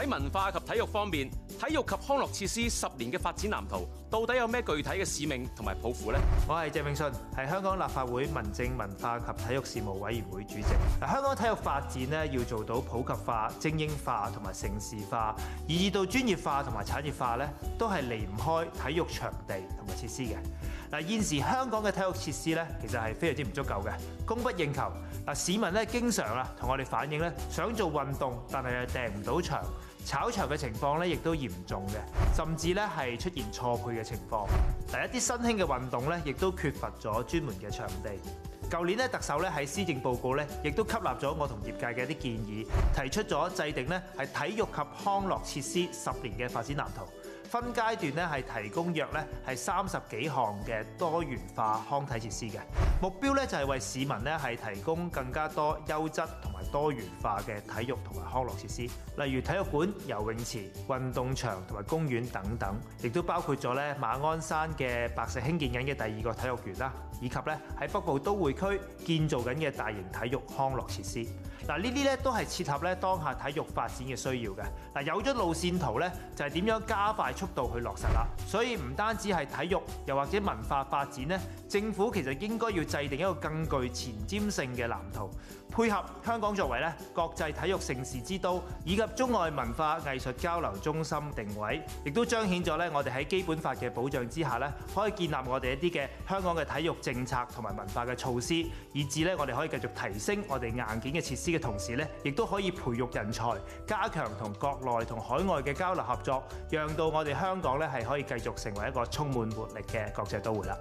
喺文化及體育方面，體育及康樂設施十年嘅發展藍圖，到底有咩具體嘅使命同埋抱負呢？我係鄭泳舜，係香港立法會民政文化及體育事務委員會主席。嗱，香港體育發展咧要做到普及化、精英化同埋城市化，而到專業化同埋產業化咧，都係離唔開體育場地同埋設施嘅。嗱，現時香港嘅體育設施咧，其實係非常之唔足夠嘅，供不應求。嗱，市民咧經常啊同我哋反映咧，想做運動但係又訂唔到場。炒場嘅情況咧，亦都嚴重嘅，甚至咧係出現錯配嘅情況。第一啲新興嘅運動咧，亦都缺乏咗專門嘅場地。舊年咧，特首咧喺施政報告咧，亦都吸納咗我同業界嘅一啲建議，提出咗制定咧係體育及康樂設施十年嘅發展藍圖，分階段咧係提供約咧係三十幾項嘅多元化康體設施，嘅目標咧就係為市民咧係提供更加多優質同埋多元化嘅體育同埋康樂設施，例如體育館、游泳池、運動場同埋公園等等，亦都包括咗咧馬鞍山嘅白石興建緊嘅第二個體育園啦，以及咧喺北部都會區建造緊嘅大型體育康樂設施。嗱，呢啲咧都係切合咧當下體育發展嘅需要嘅。嗱，有咗路線圖咧，就係點樣加快速度去落實啦，所以唔單止係體育，又或者文化發展咧，政府其實應該要制定一個更具前瞻性嘅藍圖，配合香港作為咧國際體育盛事之都以及中外文化藝術交流中心定位，亦都彰顯咗咧我哋喺基本法嘅保障之下咧，可以建立我哋一啲嘅香港嘅體育政策同埋文化嘅措施，以致咧我哋可以繼續提升我哋硬件嘅設施嘅同時咧，亦都可以培育人才，加強同國內同海外嘅交流合作，讓到我哋。香港咧係可以繼續成為一個充滿活力嘅國際都會啦。